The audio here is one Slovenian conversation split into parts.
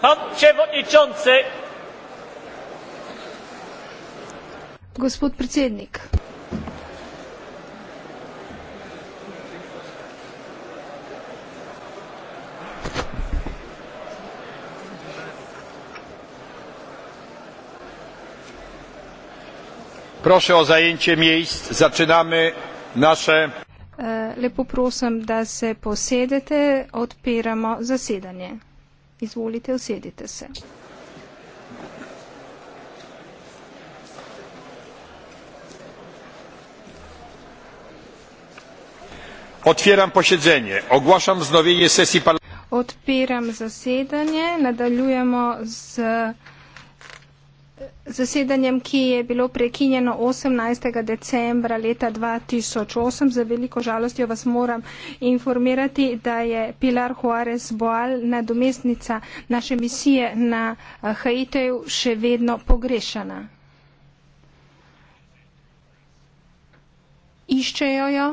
Pan przewodniczący. Gospod predsednik. Prosim o zajęcie miejsc. Zaczynamy nasze. E, lepo prosim, da se posedete, odpiramo zasedanje. Izvolite, usedite se. Odpiram posedenje. Oglašam znovinje sesije parlamenta. Odpiram zasedanje. Nadaljujemo z. Zasedanjem, ki je bilo prekinjeno 18. decembra leta 2008, za veliko žalostjo vas moram informirati, da je Pilar Juarez Boal, nadomestnica naše misije na eh, Haitiju, še vedno pogrešana. Iščejo jo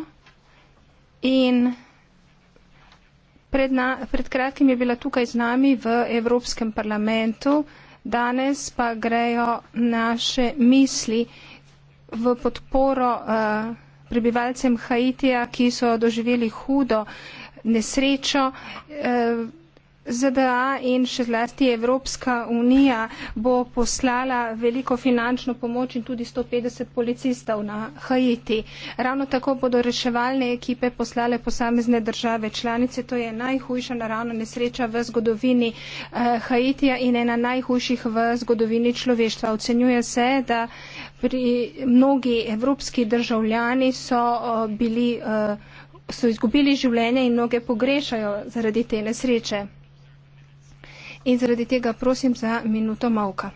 in pred, na, pred kratkim je bila tukaj z nami v Evropskem parlamentu danes pa grejo naše misli v podporo eh, prebivalcem Haitija, ki so doživeli hudo nesrečo. Eh, ZDA in še zlasti Evropska unija bo poslala veliko finančno pomoč in tudi 150 policistov na Haiti. Ravno tako bodo reševalne ekipe poslale posamezne države članice. To je najhujša naravna nesreča v zgodovini eh, Haitija in ena najhujših v zgodovini človeštva. Ocenjuje se, da pri mnogi evropski državljani so eh, bili. Eh, so izgubili življenje in mnoge pogrešajo zaradi te nesreče in zaradi tega prosim za minuto molka.